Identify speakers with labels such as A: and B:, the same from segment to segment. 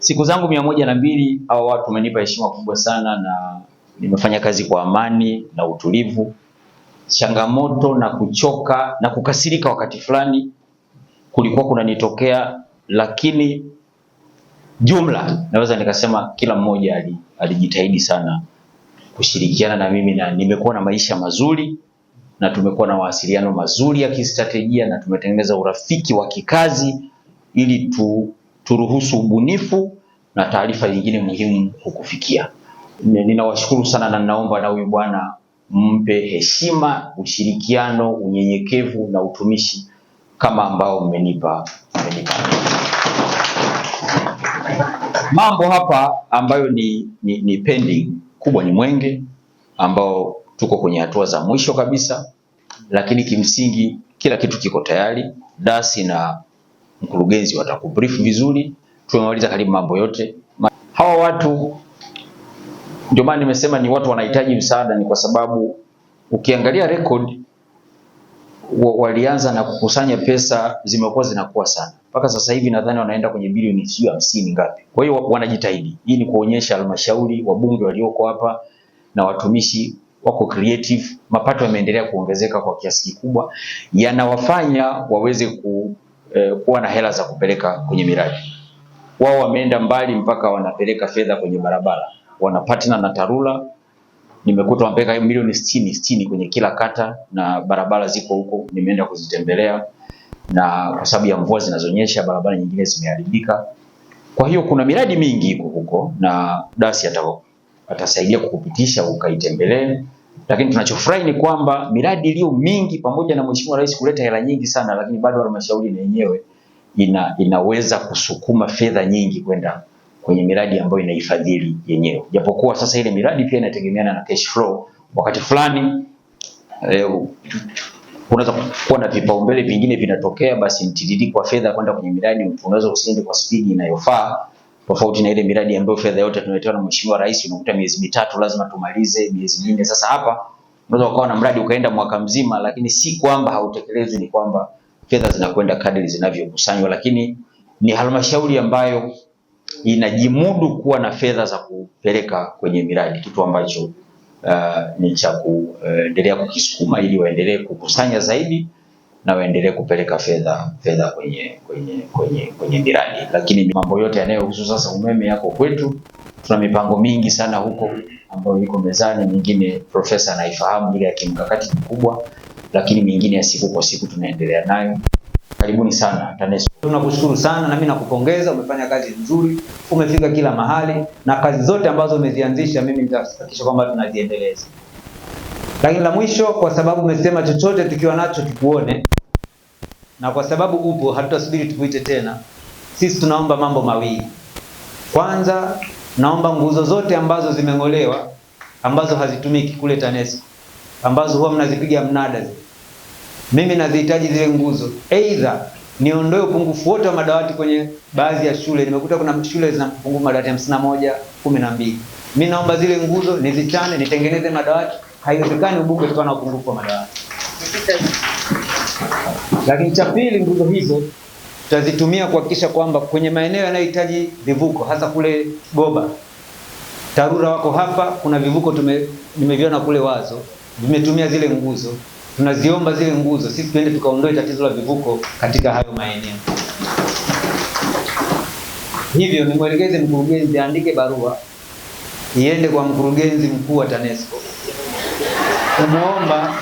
A: siku zangu mia moja na mbili hawa watu wamenipa heshima kubwa sana, na nimefanya kazi kwa amani na utulivu. Changamoto na kuchoka na kukasirika wakati fulani kulikuwa kunanitokea, lakini jumla naweza nikasema kila mmoja alijitahidi sana kushirikiana na mimi na nimekuwa na maisha mazuri na tumekuwa na mawasiliano mazuri ya kistratejia na tumetengeneza urafiki wa kikazi ili tu turuhusu ubunifu na taarifa nyingine muhimu kukufikia. Ninawashukuru sana na ninaomba na huyu bwana mpe heshima, ushirikiano, unyenyekevu na utumishi kama ambao mmenipa mmenipa. Mambo hapa ambayo ni, ni, ni pending kubwa ni mwenge ambao tuko kwenye hatua za mwisho kabisa, lakini kimsingi kila kitu kiko tayari. Dasi na mkurugenzi watakubrief vizuri. Tumemaliza karibu mambo yote hawa watu. Ndio maana nimesema ni watu wanahitaji msaada, ni kwa sababu ukiangalia record walianza na kukusanya pesa zimekuwa zinakuwa sana mpaka sasa hivi nadhani wanaenda kwenye bilioni sio hamsini ngapi. Kwa hiyo wanajitahidi. Hii ni kuonyesha halmashauri, wabunge walioko hapa na watumishi wako creative. Mapato yameendelea kuongezeka kwa kiasi kikubwa, yanawafanya waweze ku kuwa na hela za kupeleka kwenye miradi. Wao wameenda mbali mpaka wanapeleka fedha kwenye barabara, wana partner na TARURA. Nimekuta wamepeleka milioni sitini sitini kwenye kila kata, na barabara ziko huko, nimeenda kuzitembelea, na kwa sababu ya mvua zinazonyesha barabara nyingine zimeharibika. Kwa hiyo kuna miradi mingi iko huko na dasi atasaidia kukupitisha ukaitembelee, lakini tunachofurahi ni kwamba miradi iliyo mingi pamoja na Mheshimiwa Rais kuleta hela nyingi sana, lakini bado halmashauri na yenyewe ina, inaweza kusukuma fedha nyingi kwenda kwenye miradi ambayo inaifadhili yenyewe, japokuwa sasa ile miradi pia inategemeana na cash flow. Wakati fulani eh, unaweza kuwa na vipaumbele vingine vinatokea, basi mtiririko wa fedha kwenda kwenye miradi unaweza usiende kwa spidi inayofaa, tofauti na ile miradi ambayo fedha yote tunaletewa na Mheshimiwa Rais, unakuta miezi mitatu lazima tumalize, miezi minne. Sasa hapa unaweza ukawa na mradi ukaenda mwaka mzima, lakini si kwamba hautekelezwi, ni kwamba fedha zinakwenda kadri zinavyokusanywa, lakini ni halmashauri ambayo inajimudu kuwa na fedha za kupeleka kwenye miradi, kitu ambacho uh, ni cha kuendelea uh, kukisukuma ili waendelee kukusanya zaidi na waendelee kupeleka fedha fedha kwenye, kwenye, kwenye, kwenye miradi. Lakini mambo yote yanayohusu sasa umeme yako kwetu, tuna mipango mingi sana huko ambayo iko mezani, mingine profesa anaifahamu ile ya kimkakati mkubwa lakini mingine ya siku kwa siku tunaendelea nayo. Karibuni sana TANESCO. Tunakushukuru sana na mimi nakupongeza, umefanya kazi nzuri, umefika kila mahali na kazi zote ambazo umezianzisha mimi nitahakikisha kwamba tunaziendeleza. Lakini la mwisho, kwa sababu umesema chochote tukiwa nacho tukuone, na kwa sababu upo, hatutasubiri tukuite tena. Sisi tunaomba mambo mawili. Kwanza, naomba nguzo zote ambazo zimeng'olewa ambazo hazitumiki kule TANESCO ambazo huwa mnazipiga mnada, mimi nazihitaji zile nguzo, aidha niondoe upungufu wote wa madawati kwenye baadhi ya shule. Nimekuta kuna shule zina upungufu madawati hamsini na moja kumi na mbili. Mimi naomba zile nguzo nizichane, nitengeneze madawati. Haiwezekani ubunge tukawa na upungufu wa madawati. Lakini cha pili, nguzo hizo tutazitumia kuhakikisha kwamba kwenye maeneo yanayohitaji vivuko, hasa kule Goba TARURA wako hapa, kuna vivuko tume nimeviona kule Wazo vimetumia zile nguzo, tunaziomba zile nguzo, sisi tuende tukaondoe tatizo la vivuko katika hayo maeneo. Hivyo nimwelekeze mkurugenzi aandike barua iende kwa mkurugenzi mkuu wa TANESCO kumwomba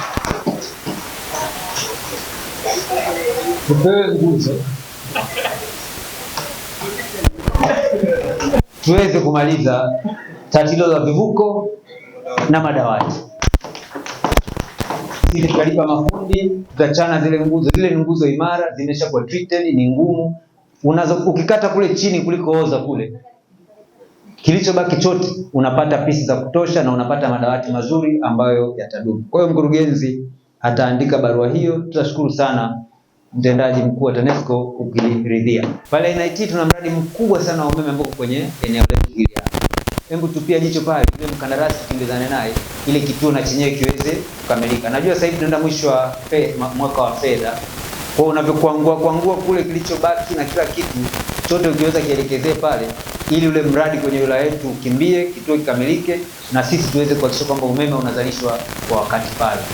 A: tupewe nguzo tuweze kumaliza tatizo la vivuko na madawati ili kalipa mafundi, tukachana zile nguzo. Zile ni nguzo imara, zimeshakuwa treated, ni ngumu, unazo ukikata kule chini kulikooza kule, kilichobaki chote unapata pisi za kutosha na unapata madawati mazuri ambayo yatadumu. Kwa hiyo mkurugenzi ataandika barua hiyo, tutashukuru sana mtendaji mkuu wa TANESCO ukiridhia. Pale NIT tuna mradi mkubwa sana wa umeme ambao kwenye eneo letu hili hapa. Hebu tupia jicho pale, ile mkandarasi tuendezane naye ile kituo na chenyewe kiweze kukamilika. Najua sasa hivi tunaenda mwisho wa mwaka wa fedha, kwa unavyokuangua kuangua kule kilichobaki na kila kitu chote, ukiweza kielekezee pale, ili ule mradi kwenye wilaya yetu ukimbie, kituo kikamilike, na sisi tuweze kuhakikisha kwamba umeme unazalishwa kwa wakati pale.